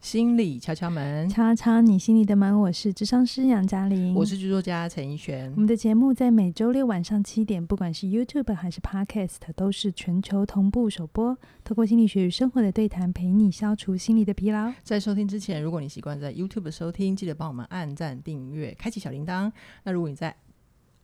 心理敲敲門，敲敲你心裡的門。我是諮商師楊嘉玲，我是劇作家陳奕璇。我們的節目在每周六晚上七點，不管是 YouTube 還是 Podcast，都是全球同步首播。透過心理學與生活的對談，陪你消除心理的疲勞。在收聽之前，如果你習慣在 YouTube 收聽，記得幫我們按讚、訂閱、開啟小鈴鐺。那如果你在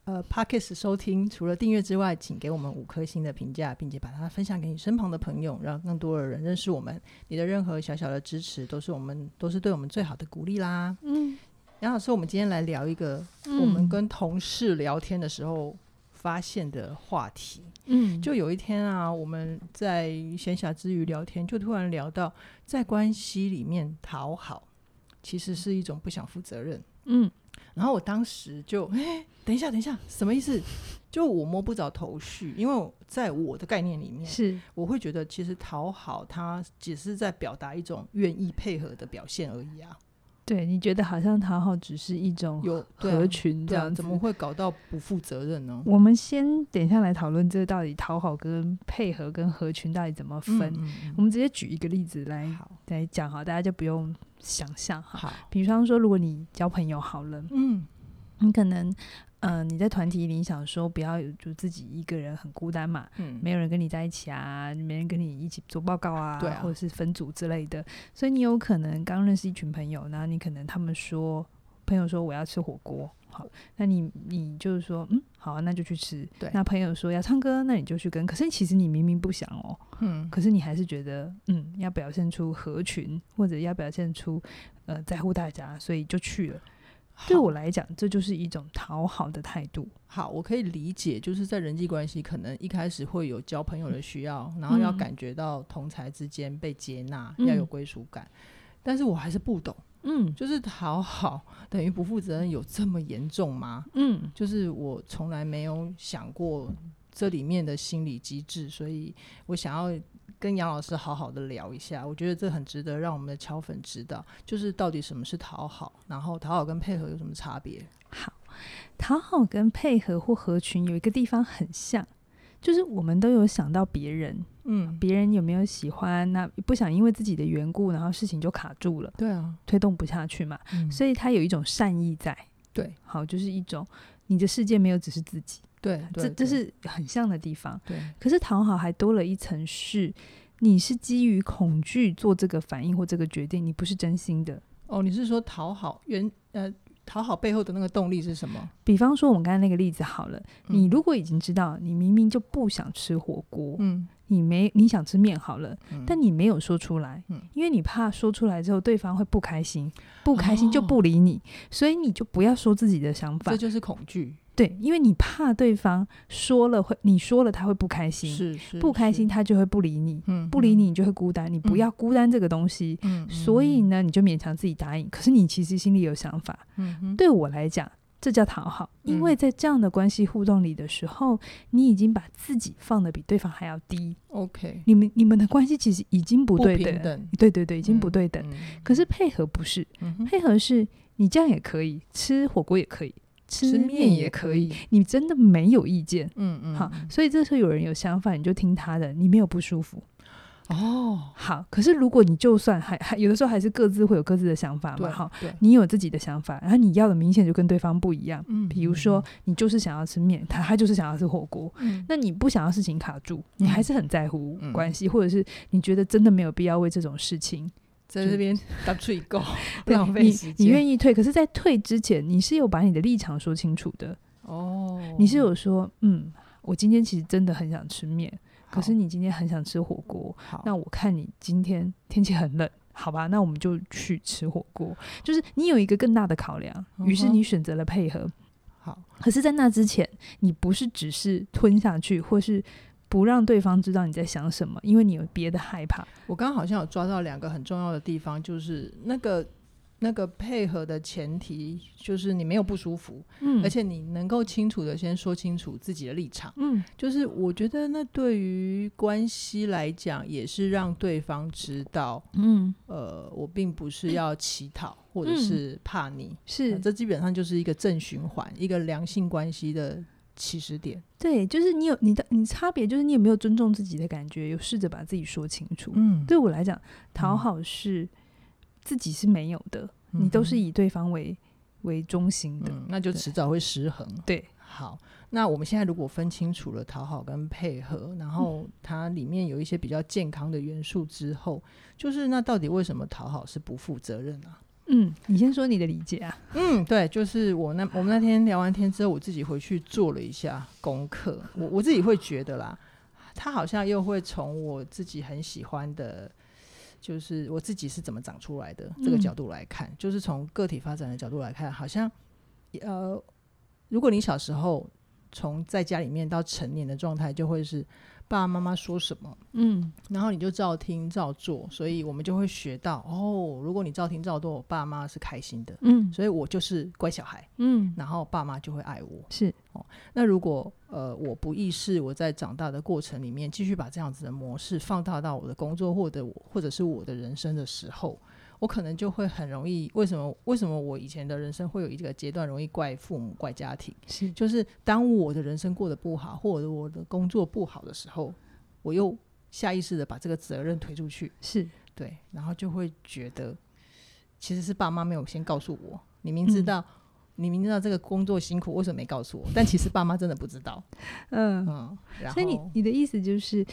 呃 Podcast 收聽除了訂閱之外，請給我們五顆星的評價，並且把它分享給你身旁的朋友，讓更多的人認識我們。你的任何小小的支持，都是我們，都是對我們最好的鼓勵啦。嗯，楊老師，我們今天來聊一個我們跟同事聊天的時候發現的話題。嗯，就有一天啊，我們在閒暇之餘聊天，就突然聊到在關係裡面討好，其實是一種不想負責任。嗯。然後我當時就哎，等一下，等一下，什麼意思？就我摸不着頭緒，因為我在我的概念裡面，是我會覺得其實討好他只是在表達一種願意配合的表現而已啊。對，你覺得好像討好只是一種合群這樣、啊、怎麼會搞到不負責任呢？我們先等下來討論，這到底討好跟配合跟合群到底怎麼分。嗯嗯嗯、我們直接舉一個例子來好來講哈，大家就不用想象哈。好，好比方說，如果你交朋友好了，嗯，你可能。嗯、呃，你在團體裡想說不要有就自己一個人很孤單嘛，嗯、沒有人跟你在一起啊，沒人跟你一起做報告啊，對啊，或者是分組之類的，所以你有可能剛認識一群朋友，然後你可能他們說朋友說我要吃火鍋，好，那你你就是說嗯好、啊，那就去吃，對，那朋友說要唱歌，那你就去跟，可是其實你明明不想哦，嗯，可是你還是覺得嗯要表現出合群或者要表現出呃在乎大家，所以就去了。對我來講，好這就是一種討好的態度。好，我可以理解，就是在人際關係，可能一開始會有交朋友的需要，嗯、然後要感覺到同儕之間被接納，嗯、要有歸屬感。但是我還是不懂，嗯，就是討好等於不負責任，有這麼嚴重嗎？嗯，就是我從來沒有想過。這裡面的心理機制，所以我想要跟楊老師好好的聊一下。我覺得這很值得讓我們的敲粉知道，就是到底什麼是討好，然後討好跟配合有什麼差別？好，討好跟配合或合群有一個地方很像，就是我們都有想到別人，嗯，別人有沒有喜歡？那不想因為自己的緣故，然後事情就卡住了，對啊，推動不下去嘛。嗯，所以他有一種善意在，對，好，就是一種你的世界沒有只是自己。對，對對這這是很像的地方。嗯、對，可是討好還多了一層事，是你是基於恐懼做這個反應或這個決定，你不是真心的。哦，你是說討好原呃討好背後的那個動力是什麼？比方說我們剛才那個例子好了，嗯、你如果已經知道你明明就不想吃火鍋，嗯，你沒你想吃麵好了，嗯、但你沒有說出來，嗯、因為你怕說出來之後對方會不開心，不開心就不理你，哦、所以你就不要說自己的想法，這就是恐懼。對，因為你怕對方說了會，你說了他會不開心，是是是，不開心他就會不理你，是是，不理你你就會孤單，嗯哼，你不要孤單這個東西，嗯哼，所以呢你就勉強自己答應，可是你其實心裡有想法，嗯哼，對我來講這叫討好，因為在這樣的關係互動裡的時候，嗯，你已經把自己放得比對方還要低，OK，你們你們的關係其實已經不對等，對對對，已經不對等，嗯哼，可是配合不是，配合是你這樣也可以，吃火鍋也可以。吃麵也可以，可以你真的沒有意見，嗯嗯，好、嗯，所以這時候有人有想法，你就聽他的，你沒有不舒服哦。好，可是如果你就算還還有的時候還是各自會有各自的想法嘛，哈，對，你有自己的想法，然後你要的明顯就跟對方不一樣，嗯，嗯嗯比如說你就是想要吃麵，他他就是想要吃火鍋，嗯，那你不想要事情卡住，你還是很在乎關係，嗯、或者是你覺得真的沒有必要為這種事情。在這邊打退稿， 對浪費時間。你你願意退，可是在退之前，你是有把你的立場說清楚的哦。Oh. 你是有說，嗯，我今天其實真的很想吃麵，好可是你今天很想吃火鍋。好，那我看你今天天氣很冷，好吧，那我們就去吃火鍋。就是你有一個更大的考量，於是你選擇了配合。好。Uh-huh. 可是在那之前，你不是只是吞下去，或是。不讓對方知道你在想什麼，因為你有別的害怕。我剛剛好像有抓到兩個很重要的地方，就是那個那個配合的前提，就是你沒有不舒服，嗯，而且你能夠清楚的先說清楚自己的立場，嗯，就是我覺得那對於關係來講，也是讓對方知道，嗯，呃，我並不是要乞討，或者是怕你，嗯，是，呃，這基本上就是一個正循環，一個良性關係的。起始點對，就是你有你的，你差別就是你有沒有尊重自己的感覺，有試着把自己說清楚。嗯、對我來講，討好是、嗯、自己是沒有的，你都是以對方為、嗯哼為中心的，嗯、那就遲早會失衡。對，對，好，那我們現在如果分清楚了討好跟配合，然後它裡面有一些比較健康的元素之後，就是那到底為什麼討好是不負責任呢、啊？嗯，你先說你的理解啊。 嗯，對，就是我那我們那天聊完天之後，我自己回去做了一下功課。我我自己會覺得啦，他好像又會從我自己很喜歡的，就是我自己是怎麼長出來的這個角度來看，嗯，就是從個體發展的角度來看，好像呃，如果你小時候從在家裡面到成年的狀態，就會是。爸爸媽媽說什麼，嗯，然後你就照聽照做，所以我們就會學到哦。如果你照聽照做，我爸媽是開心的，嗯，所以我就是乖小孩，嗯，然後爸媽就會愛我，是哦。那如果呃我不意識我在長大的過程裡面繼續把這樣子的模式放大到我的工作，或者我或者是我的人生的時候，我可能就會很容易，為什麼？為什麼我以前的人生會有一個階段容易怪父母，怪家庭？是，就是當我的人生過得不好，或者我的工作不好的時候，我又下意識的把這個責任推出去。是，對，然後就會覺得其實是爸媽沒有先告訴我，你明知道，嗯、你明知道這個工作辛苦，為什麼沒告訴我？ 但其實爸媽真的不知道。嗯、呃、嗯，所以你你的意思就是，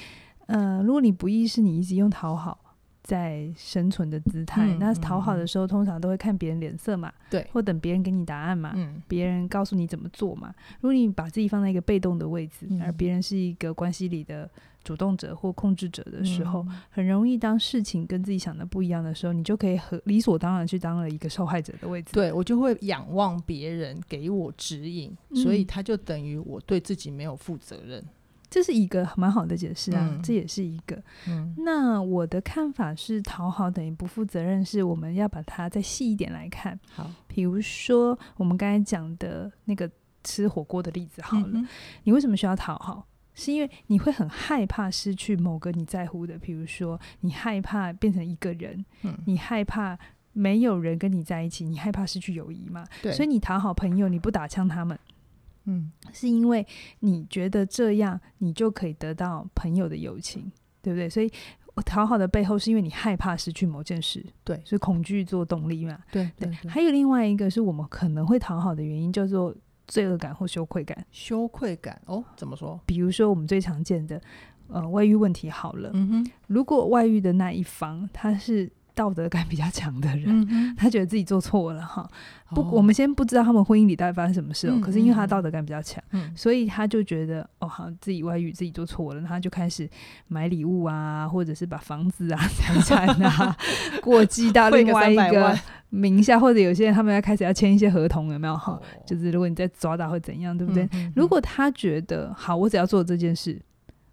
呃，如果你不意識，是你一直用討好。在生存的姿態，嗯、那討好的時候通常都會看別人臉色嘛，對，或等別人給你答案嘛，嗯、別人告訴你怎麼做嘛。如果你把自己放在一個被動的位置，嗯、而別人是一個關係裡的主動者或控制者的時候，嗯、很容易當事情跟自己想的不一樣的時候，你就可以和理所當然去當了一個受害者的位置。對我就會仰望別人給我指引，嗯、所以他就等於我對自己沒有負責任。這是一個蠻好的解釋啊，嗯、這也是一個。嗯、那我的看法是，討好等於不負責任，是我們要把它再細一點來看。好，比如說我們剛才講的那個吃火鍋的例子，好了，嗯、哼你為什麼需要討好？是因為你會很害怕失去某個你在乎的，比如說你害怕變成一個人，嗯、你害怕沒有人跟你在一起，你害怕失去友誼嘛？對，所以你討好朋友，你不打槍他們。嗯嗯，是因為你覺得這樣你就可以得到朋友的友情，對不對？所以我討好的背後是因為你害怕失去某件事，對，所以恐懼做動力嘛。對對，對對，還有另外一個是我們可能會討好的原因叫做罪惡感或羞愧感。羞愧感哦，怎麼說？比如說我們最常見的，呃，外遇問題好了，嗯哼，如果外遇的那一方他是。道德感比較強的人，嗯、哼他覺得自己做錯了哈。哦、不，我們先不知道他們婚姻裡到底發生什麼事哦。嗯嗯，可是因為他道德感比較強，嗯、所以他就覺得哦，好像自己外遇，自己做錯了，他就開始買禮物啊，或者是把房子啊、財產啊 過繼到另外一個名下，或者有些人他們要開始要簽一些合同，有沒有哈、哦？就是如果你再抓到會怎樣，對不對？嗯、哼如果他覺得好，我只要做這件事，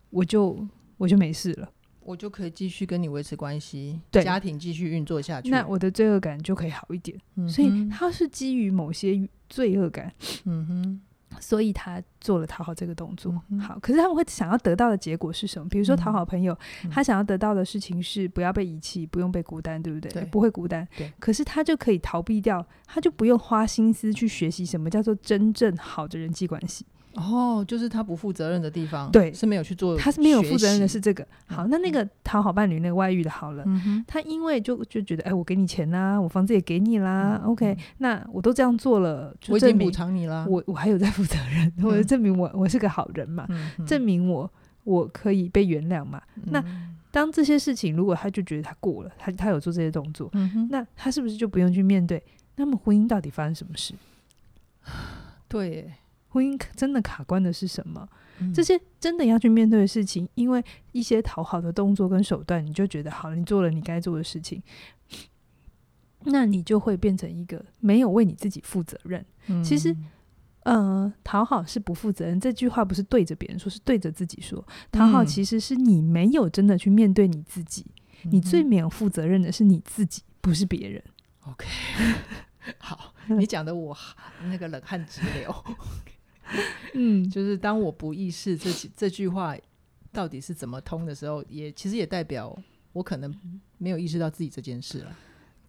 我就我就沒事了。我就可以繼續跟你維持關係，對家庭繼續運作下去，那我的罪惡感就可以好一點。嗯哼。所以他是基於某些罪惡感，嗯哼，所以他做了討好這個動作。嗯哼。好，可是他們會想要得到的結果是什麼？比如說討好朋友，嗯哼。他想要得到的事情是不要被遺棄，不用被孤單，對不對？對，不會孤單。對，可是他就可以逃避掉，他就不用花心思去學習什麼叫做真正好的人際關係。哦，就是他不負責任的地方，對，是沒有去做，他是沒有負責任的是這個。好，那那個討好伴侶、那個外遇的，好了，嗯、哼他因為就就覺得，哎、欸，我給你錢啦、啊，我房子也給你啦、嗯、哼，OK，那我都這樣做了，我，我已經補償你了，我我還有在負責任，嗯、哼我證明我我是個好人嘛，嗯、哼證明我我可以被原諒嘛。嗯、哼那當這些事情，如果他就覺得他過了，他他有做這些動作，嗯、哼那他是不是就不用去面對？那麼婚姻到底發生什麼事？對。婚姻真的卡關的是什麼？嗯、這些真的要去面對的事情，因為一些討好的動作跟手段，你就覺得好，你做了你該做的事情，那你就會變成一個沒有為你自己負責任。嗯、其實，嗯、呃，討好是不負責任這句話不是對着別人說，是對着自己說。討好其實是你沒有真的去面對你自己，嗯、你最沒有負責任的是你自己，不是別人。OK，好， 你講的我那個冷汗直流。 嗯，就是當我不意識這這句話到底是怎麼通的時候也，也其實也代表我可能沒有意識到自己這件事了。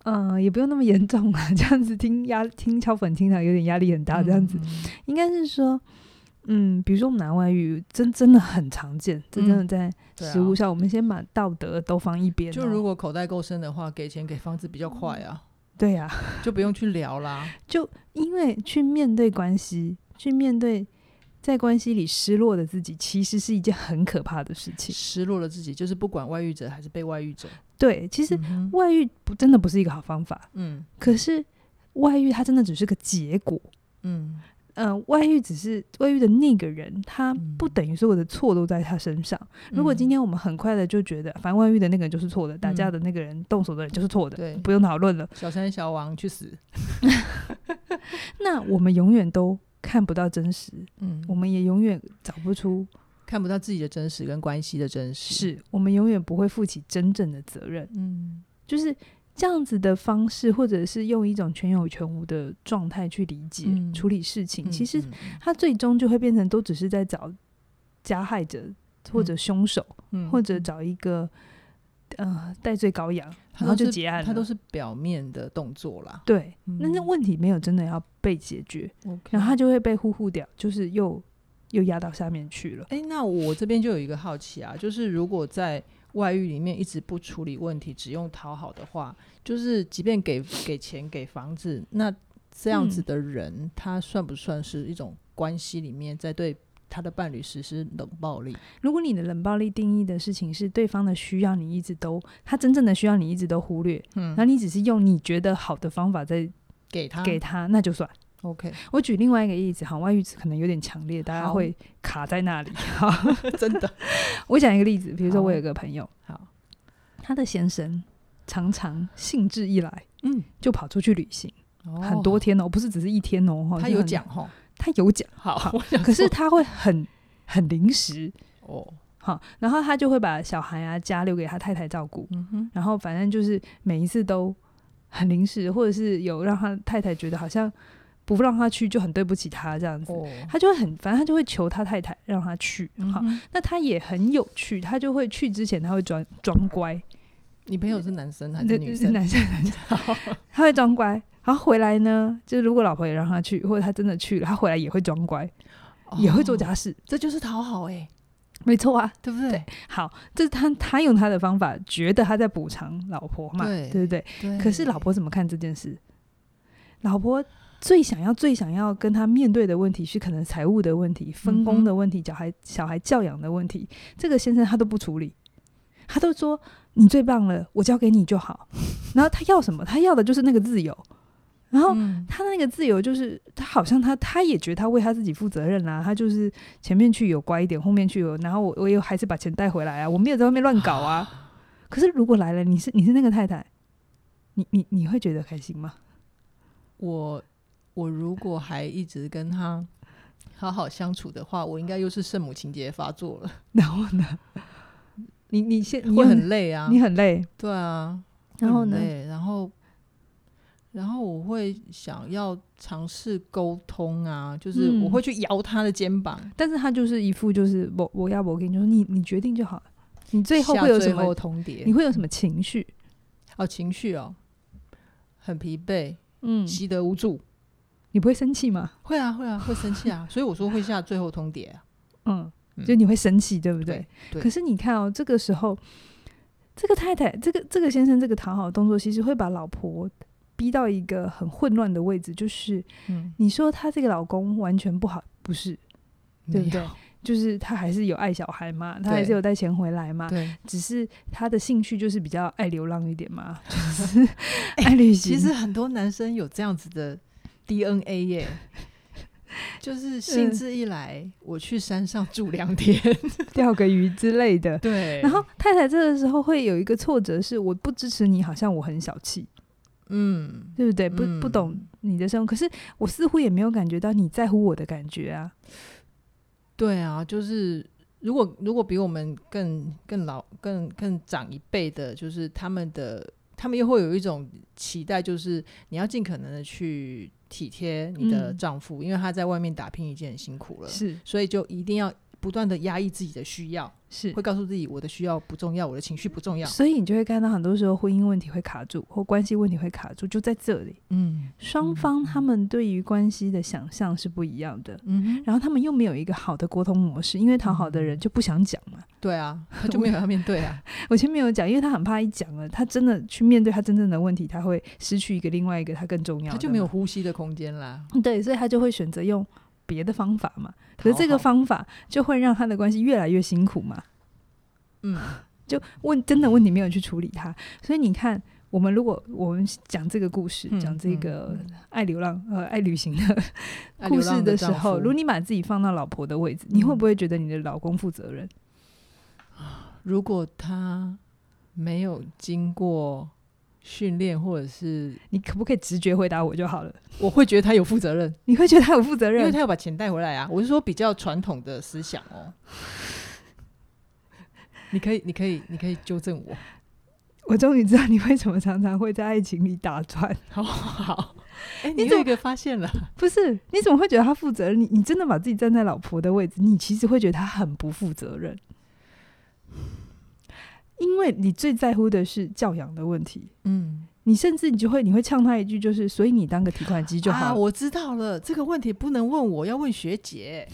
嗯，也不用那麼嚴重啊，這樣子聽壓聽敲粉聽起來有點壓力很大。這樣子、嗯、應該是說，嗯，比如說我們男外遇真真的很常見，嗯、這真的在實務上，啊、我們先把道德都放一邊。就如果口袋夠深的話，給錢給房子比較快啊。嗯、對呀、啊，就不用去聊啦。 就因為去面對關係。去面對在關係裡失落的自己，其實是一件很可怕的事情。失落了自己，就是不管外遇者還是被外遇者，對，其實外遇不、嗯、哼真的不是一個好方法。嗯，可是外遇它真的只是個結果。嗯嗯、呃，外遇只是外遇的那個人，他不等於所有的錯都在他身上。嗯、如果今天我們很快的就覺得，反外遇的那個人就是錯的，打架、嗯、的那個人動手的人就是錯的，對，不用討論了。小三、小王去死。 那我們永遠都看不到真實，嗯，我們也永遠找不出看不到自己的真實跟關係的真實，是我們永遠不會負起真正的責任，嗯，就是這樣子的方式，或者是用一種全有全無的狀態去理解、嗯，處理事情，嗯，其實它最終就會變成都只是在找加害者或者兇手，嗯，或者找一個。呃，戴罪羔羊，然後就結案了他都，他都是表面的動作啦，對，那那、嗯、問題沒有真的要被解決，Okay. 然後他就會被呼呼掉，就是又又壓到下面去了。誒、欸，那我這邊就有一個好奇啊，就是如果在外遇裡面一直不處理問題，只用討好的話，就是即便給給錢給房子，那這樣子的人，嗯、他算不算是一種關係裡面在對他的伴侶實施冷暴力。如果你的冷暴力定義的事情是對方的需要，你一直都，他真正的需要你一直都忽略，嗯，那你只是用你覺得好的方法在給他給他，那就算。OK，我舉另外一個例子，好，外遇可能有點強烈，大家會卡在那裡。真的。我講一個例子，比如說我有個朋友，好，他的先生常常興致一來，嗯，就跑出去旅行很多天哦，不是只是一天哦，他有講哦。他有講，好好，可是他會很很臨時哦，oh. 好，然後他就會把小孩啊家留給他太太照顧，mm hmm. 然後反正就是每一次都很臨時，或者是有讓他太太覺得好像不讓他去就很對不起他這樣子，oh. 他就會很，反正他就會求他太太讓他去，mm hmm. 好，那他也很有趣，他就會去之前他會裝裝乖。你朋友是男生還是女生？嗯、男生，男生，好他會裝乖。然後回來呢，就是如果老婆也讓他去，或者他真的去了，他回來也會裝乖，哦、也會做家事，這就是討好誒、欸，沒錯啊，對不對，對？好，這是他他用他的方法，覺得他在補償老婆嘛，對，對不對？對。可是老婆怎麼看這件事？老婆最想要、最想要跟他面對的問題是可能財務的問題、分工的問題、小孩、嗯、哼小孩教養的問題，這個先生他都不處理，他都說你最棒了，我交給你就好。 然後他要什麼？他要的就是那個自由。然後、嗯、他那個自由就是他好像他他也覺得他為他自己負責任啊。他就是前面去有乖一點，後面去有，然後我我又還是把錢帶回來啊，我沒有在外面亂搞啊。啊可是如果來了，你是你是那個太太，你你你會覺得開心嗎？我我如果還一直跟他好好相處的話，我應該又是聖母情節發作了。然後呢？你你先你很累啊，你很累，很累對啊。然後呢？然後。然後我會想要嘗試溝通啊，就是我會去搖他的肩膀，嗯、但是他就是一副就是我我要我給你，說你你決定就好了，你最後會有什麼，通牒你會有什麼情緒？哦，情緒哦，很疲憊，嗯，習得無助，你不會生氣嗎？會啊會啊會生氣啊！ 所以我說會下最後通牒，啊、嗯，就你會生氣對不對？嗯、對。對，可是你看哦，這個時候，這個太太，這個這個先生，這個討好的動作其實會把老婆逼到一個很混亂的位置，就是，你說他這個老公完全不好，不是，對不對？就是他還是有愛小孩嘛，他還是有帶錢回來嘛，對。只是他的興趣就是比較愛流浪一點嘛，就是愛旅行。其實很多男生有這樣子的 DNA 耶，就是興致一來，我去山上住兩天，釣個魚之類的。對。然後太太這個時候會有一個挫折，是我不支持你，好像我很小氣。嗯，對不對？不、嗯、不懂你的生活，可是我似乎也沒有感覺到你在乎我的感覺啊。對啊，就是如果如果比我們更更老、更更長一輩的，就是他們的他們又會有一種期待，就是你要盡可能的去體貼你的丈夫，嗯、因為他在外面打拼已經很辛苦了，是，所以就一定要不斷的壓抑自己的需要。是會告訴自己，我的需要不重要，我的情緒不重要。所以你就會看到很多時候婚姻問題會卡住，或關係問題會卡住，就在這裡。嗯，雙方他們對於關係的想象是不一樣的。嗯哼，然後他們又沒有一個好的溝通模式，因為討好的人就不想講嘛、嗯。對啊，他就沒有要面對啊。 我前面有講，因為他很怕一講了、啊，他真的去面對他真正的問題，他會失去一個另外一個他更重要的，他就沒有呼吸的空間啦。對，所以他就會選擇用。別的方法嘛，可是這個方法就會讓他的關係越來越辛苦嘛。嗯，討好，就問真的問題沒有去處理他，所以你看，我們如果我們講這個故事，嗯、講這個愛流浪、嗯、呃愛旅行的故事的時候，如果你把自己放到老婆的位置，你會不會覺得你的老公負責任？如果他沒有經過。訓練，或者是你可不可以直覺回答我就好了？我會覺得他有負責任， 你會覺得他有負責任，因為他要把錢帶回來啊。我是說比較傳統的思想哦。 你可以，你可以，你可以糾正我。我終於知道你為什麼常常會在愛情裡打轉。 好好，欸，你有個發現了？不是，你怎麼會覺得他負責任？你你真的把自己站在老婆的位置，你其實會覺得他很不負責任。因為你最在乎的是教養的問題，嗯，你甚至你就會你會嗆他一句，就是所以你當個提款機就好。啊，我知道了，這個問題不能問，我要問學姐，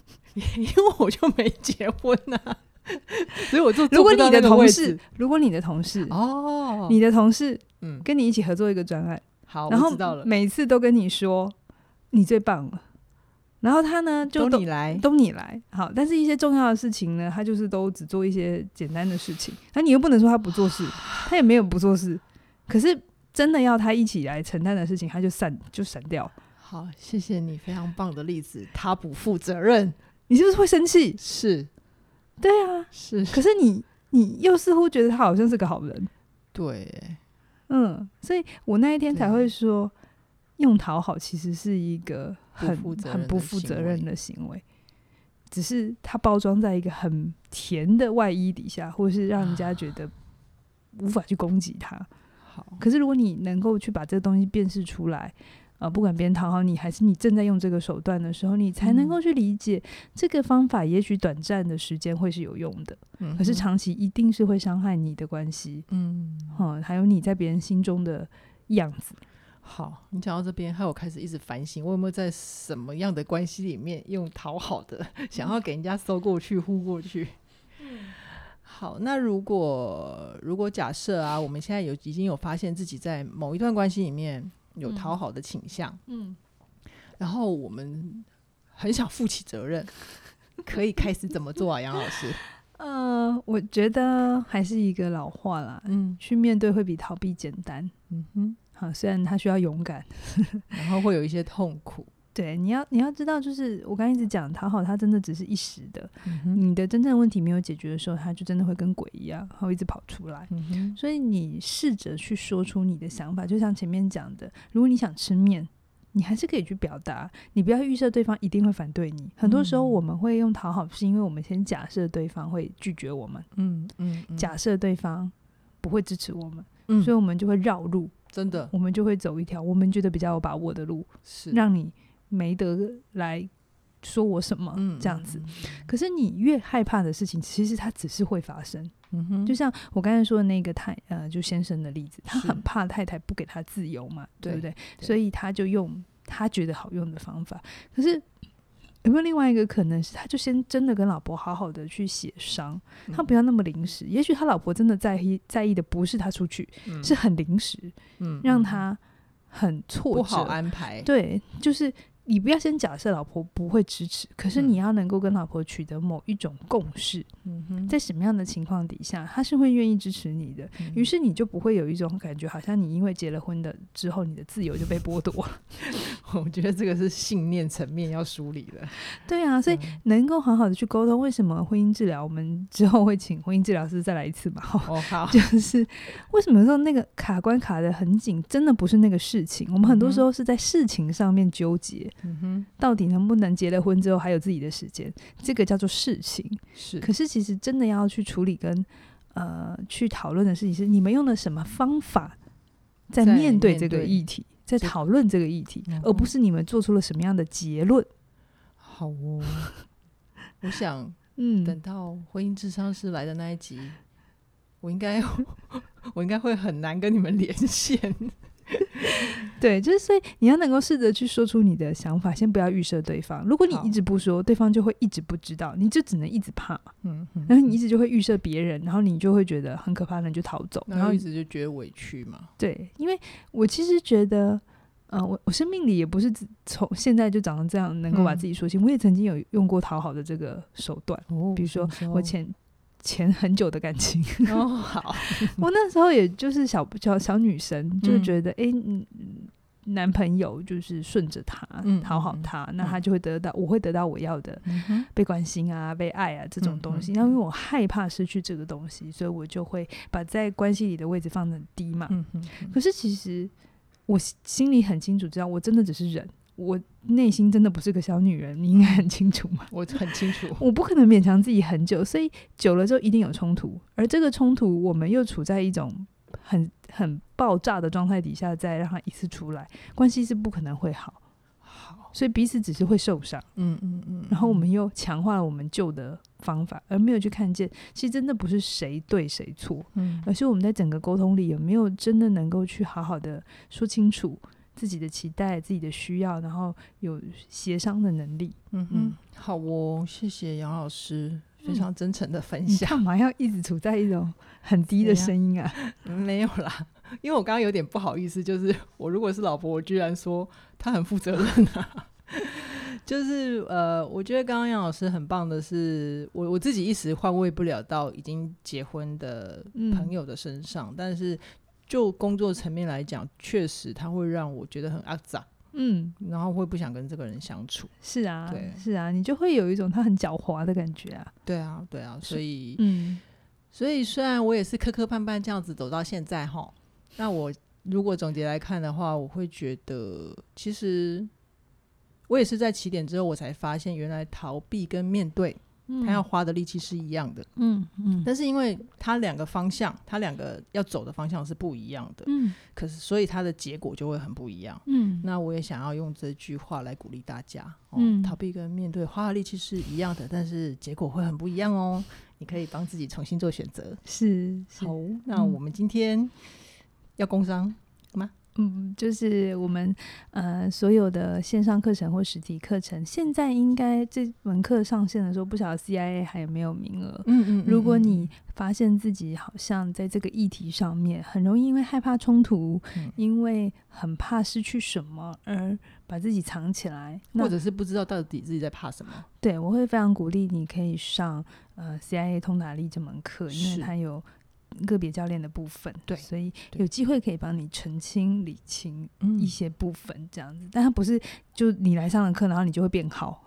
因為我就沒結婚吶。啊， 所以我就。如果你的同事，如果你的同事哦，你的同事嗯跟你一起合作一個專案，嗯，好，然後知道了，每次都跟你說你最棒了。然後他呢，就都你來，都你來。好，但是一些重要的事情呢，他就是都只做一些簡單的事情。那你又不能說他不做事，他也沒有不做事。 可是真的要他一起來承擔的事情，他就閃就閃掉。好，謝謝你非常棒的例子。他不負責任，你是不是會生氣？是，對啊，是。可是你，你又似乎覺得他好像是個好人。對，嗯，所以我那一天才會說，對用討好其實是一個。很很不負責任的行為，只是它包裝在一個很甜的外衣底下，或者是讓人家覺得無法去攻擊它。好，可是如果你能夠去把這個東西辨識出來，啊，不管別人討好你，還是你正在用這個手段的時候，你才能夠去理解這個方法，也許短暫的時間會是有用的，可是長期一定是會傷害你的關係。嗯，還有你在別人心中的樣子。好，你講到這邊，害我開始一直反省，我有沒有在什麼樣的關係裡面用討好的，想要給人家搜過去、 呼過去？好，那如果如果假設啊，我們現在有已經有發現自己在某一段關係裡面有討好的傾向，嗯，嗯然後我們很想負起責任，可以開始怎麼做啊， 楊老師？嗯、呃，我覺得還是一個老話啦，嗯，去面對會比逃避簡單，嗯哼。啊，雖然他需要勇敢，然後會有一些痛苦。 對，你要你要知道，就是我剛剛一直講，討好他真的只是一時的。嗯、哼你的真正問題沒有解決的時候，他就真的會跟鬼一樣，然後一直跑出來。嗯、哼所以你試着去說出你的想法，就像前面講的，如果你想吃麵，你還是可以去表達。你不要預設對方一定會反對你。嗯、很多時候，我們會用討好，是因為我們先假設對方會拒絕我們，嗯嗯，嗯嗯假設對方不會支持我們，嗯、所以我們就會繞路。真的，我們就會走一條我們覺得比較有把握的路，是讓你沒得來說我什麼，這樣子。嗯，可是你越害怕的事情，其實它只是會發生。嗯哼，就像我剛才說的那個太呃，就先生的例子，他很怕太太不給他自由嘛，是對不對？對、對。所以他就用他覺得好用的方法。可是。有沒有另外一個可能是，他就先真的跟老婆好好的去協商，他不要那麼臨時。嗯、也許他老婆真的在意，在意的不是他出去，嗯、是很臨時，嗯、讓他很挫折。不好安排，對，就是。你不要先假設老婆不會支持，可是你要能夠跟老婆取得某一種共識。嗯哼，在什麼樣的情況底下，她是會願意支持你的？嗯哼，於是你就不會有一種感覺，好像你因為結了婚的之後，你的自由就被剝奪了。 我覺得這個是信念層面要梳理的。對啊，所以能夠好好的去溝通，為什麼婚姻治療？我們之後會請婚姻治療師再來一次嘛？哦，好，oh, how. 就是為什麼說那個卡關卡得很緊，真的不是那個事情？我們很多時候是在事情上面糾結。嗯嗯哼，到底能不能結了婚之後還有自己的時間？這個叫做事情是，可是其實真的要去處理跟呃去討論的事情是，你們用了什麼方法在面對這個議題，在討論這個議題，就而不是你們做出了什麼樣的結論？嗯、好哦， 我想，嗯，等到婚姻諮商是來的那一集，我應該 我應該會很難跟你們連線。 對，就是所以你要能夠試着去說出你的想法，先不要預設對方。如果你一直不說，好對方就會一直不知道，你就只能一直怕，嗯，嗯然後你一直就會預設別人，然後你就會覺得很可怕的人就逃走，然後一直就覺得委屈嘛。對，因為我其實覺得，嗯、呃，我我生命裡也不是從現在就長成這樣，能夠把自己說清。嗯、我也曾經有用過討好的這個手段，哦、比如說我前。前很久的感情然後、oh, 好， 我那時候也就是小小小女生，就覺得哎、嗯欸嗯，男朋友就是順着他，討、嗯、好他，嗯、那他就會得到，我會得到我要的被關心啊，被愛啊這種東西。嗯嗯因為我害怕失去這個東西，所以我就會把在關係裡的位置放得很低嘛。嗯嗯嗯可是其實我心裡很清楚，知道我真的只是忍。我內心真的不是個小女人，你應該很清楚嘛。我很清楚， 我不可能勉強自己很久，所以久了之後一定有衝突，而這個衝突我們又處在一種很很爆炸的狀態底下，再讓它一次出來，關係是不可能會好，好，所以彼此只是會受傷，嗯嗯嗯，然後我們又強化了我們舊的方法，而沒有去看見，其實真的不是誰對誰錯，嗯，而是我們在整個溝通裡有沒有真的能夠去好好的說清楚自己的期待、自己的需要，然後有協商的能力。嗯哼，嗯好哦，謝謝楊老師，嗯、非常真誠的分享。你幹嘛要一直處在一種很低的聲音啊，啊、嗯？沒有啦，因為我剛剛有點不好意思，就是我如果是老婆，我居然說他很負責任啊。 就是呃，我覺得剛剛楊老師很棒的是，我我自己一時換位不了到已經結婚的朋友的身上，嗯、但是。就工作層面來講，確實他會讓我覺得很骯髒，嗯，然後會不想跟這個人相處。是啊，對，是啊，你就會有一種他很狡猾的感覺啊。對啊，對啊，所以，嗯，所以雖然我也是磕磕絆絆這樣子走到現在哈，那我如果總結來看的話，我會覺得其實我也是在啟點之後，我才發現原來逃避跟面對。嗯、他要花的力氣是一樣的，嗯嗯，嗯，但是因為他兩個方向，他兩個要走的方向是不一樣的，嗯，可是所以他的結果就會很不一樣，嗯，那我也想要用這句話來鼓勵大家，嗯、哦，逃避跟面對花的力氣是一樣的，但是結果會很不一樣哦，你可以幫自己重新做選擇，是，好，嗯、那我們今天要工商。嗯，就是我們呃所有的線上課程或實體課程，現在應該這門課上線的時候，不曉得 CIA 還有沒有名額。嗯，嗯嗯，如果你發現自己好像在這個議題上面，很容易因為害怕衝突，嗯、因為很怕失去什麼而把自己藏起來，或者是不知道到底自己在怕什麼。對，我會非常鼓勵你可以上呃 CIA 通達力這門課，因為它有。個別教練的部分，對，所以有機會可以幫你澄清對理清一些部分，這樣子。嗯、但他不是就你來上了課，然後你就會變好，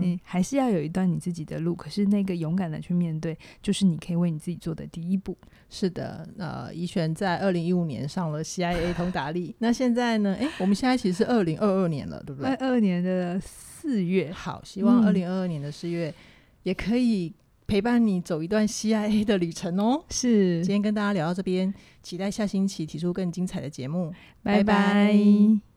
你還是要有一段你自己的路。嗯、可是那個勇敢的去面對，就是你可以為你自己做的第一步。是的，呃，怡璇在二零一五年上了 CIA 通達力。 那現在呢？誒，我們現在其實是二零二二年了，對不對？二二年的四月，好，希望二零二二年的四月也可以、嗯。陪伴你走一段 CIA 的旅程哦，是。今天跟大家聊到這邊，期待下星期提出更精彩的節目，拜拜。拜拜。